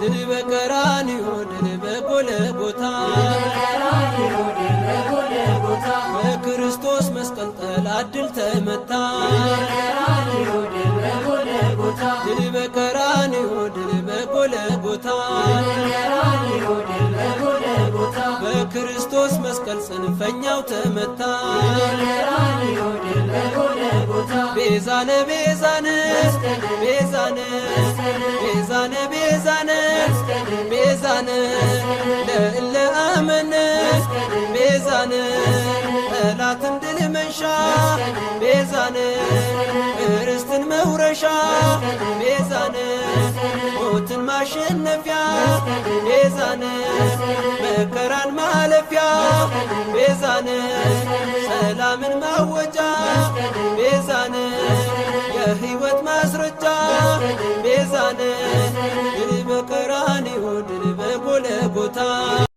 ድል በቀራንዮ ድል በጎልጎታ በክርስቶስ መስቀል ጠላት ድል ተመታ ድል በቀራንዮ ድል በጎልጎታ በክርስቶስ መስቀል ጽንፈኛው ተመታ ቤዛነ ቤዛነ ቤዛነ ቤዛነ ቤዛነ ቤዛነ ለእለ አመነ ቤዛነ ጠላትን ድል መንሻ ቤዛነ እርስትን መውረሻ ቤዛነ ሞትን ማሸነፊያ ቤዛነ መከራን ማለፊያ ቤዛነ ሰላምን ማወጃ ቤዛነ የህይወት ቦታ